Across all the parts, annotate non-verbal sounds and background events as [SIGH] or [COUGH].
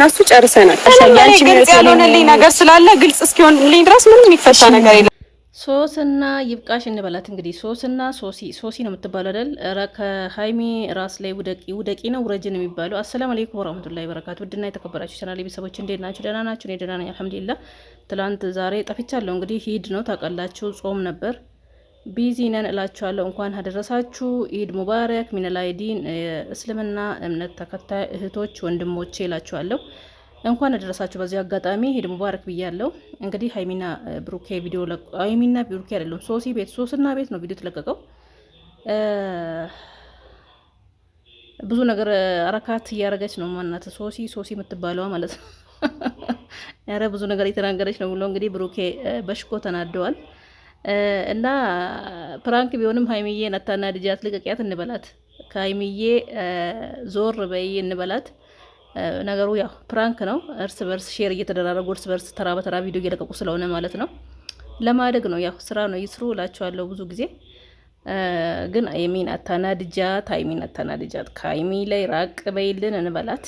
እና እሱ ጨርሰናል። ግልጽ ያልሆነልኝ ነገር ስላለ ግልጽ እስኪሆንልኝ ድረስ ምንም የሚፈታ ነገር የለም። ሶስና ይብቃሽ እንበላት እንግዲህ። ሶስና ሶሲ ሶሲ ነው የምትባለው አይደል? ከሀይሚ ራስ ላይ ውደቂ ውደቂ ነው ውረጅን የሚባለው። አሰላም አለይኩም ወራህመቱላሂ ወበረካቱ። ውድና የተከበራችሁ ቻናል ቤተሰቦች እንዴት ናችሁ? ደህና ናችሁ? እኔ ደህና ነኝ አልሐምዱሊላህ። ትላንት ዛሬ ጠፍቻለሁ። እንግዲህ ሂድ ነው ታውቃላችሁ፣ ጾም ነበር ቢዚ ነን እላችኋለሁ። እንኳን አደረሳችሁ። ኢድ ሙባረክ ሚነላይዲን እስልምና እምነት ተከታይ እህቶች ወንድሞቼ እላችኋለሁ። እንኳን አደረሳችሁ። በዚህ አጋጣሚ ኢድ ሙባረክ ብያለሁ። እንግዲህ ሀይሚና ብሩኬ ቪዲዮ ሀይሚና ብሩኬ አይደለም ሶሲ ቤት ሶስና ቤት ነው ቪዲዮ የተለቀቀው። ብዙ ነገር አረካት እያደረገች ነው። ማናት ሶሲ ሶሲ የምትባለዋ ማለት ነው። ኧረ [LAUGHS] ብዙ ነገር እየተናገረች ነው ብሎ እንግዲህ ብሩኬ በሽኮ ተናደዋል። እና ፕራንክ ቢሆንም ሀይሚዬ ነታና ልጃት ልቀቂያት እንበላት፣ ከሀይሚዬ ዞር በይ እንበላት። ነገሩ ያው ፕራንክ ነው። እርስ በርስ ሼር እየተደራረጉ እርስ በርስ ተራ በተራ ቪዲዮ እየለቀቁ ስለሆነ ማለት ነው። ለማደግ ነው ያው ስራ ነው ይስሩ እላቸዋለሁ ብዙ ጊዜ ግን ሀይሚን አታናድጃት፣ ሀይሚን አታናድጃት። ከሀይሚ ላይ ራቅ በይልን እንበላት።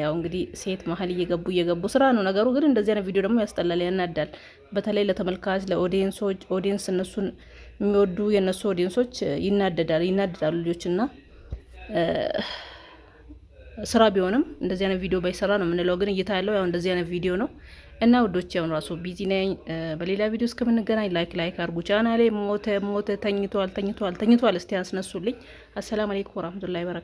ያው እንግዲህ ሴት መሀል እየገቡ እየገቡ ስራ ነው ነገሩ። ግን እንደዚህ አይነት ቪዲዮ ደግሞ ያስጠላል፣ ያናዳል። በተለይ ለተመልካች ለኦዲየንሶች፣ ኦዲየንስ እነሱን የሚወዱ የእነሱ ኦዲየንሶች ይናደዳል፣ ይናደዳሉ ልጆች እና ስራ ቢሆንም እንደዚህ አይነት ቪዲዮ ባይሰራ ነው የምንለው። ግን እይታ ያለው ያው እንደዚህ አይነት ቪዲዮ ነው እና ውዶች ያውን ራሱ ቢዚ ነኝ። በሌላ ቪዲዮ እስከምንገናኝ ላይክ ላይክ አርጉ። ቻናሌ ሞተ ሞተ ተኝቷል ተኝቷል ተኝቷል። እስቲ ያስነሱልኝ። አሰላም አለይኩም ወራህመቱላሂ ወበረካቱ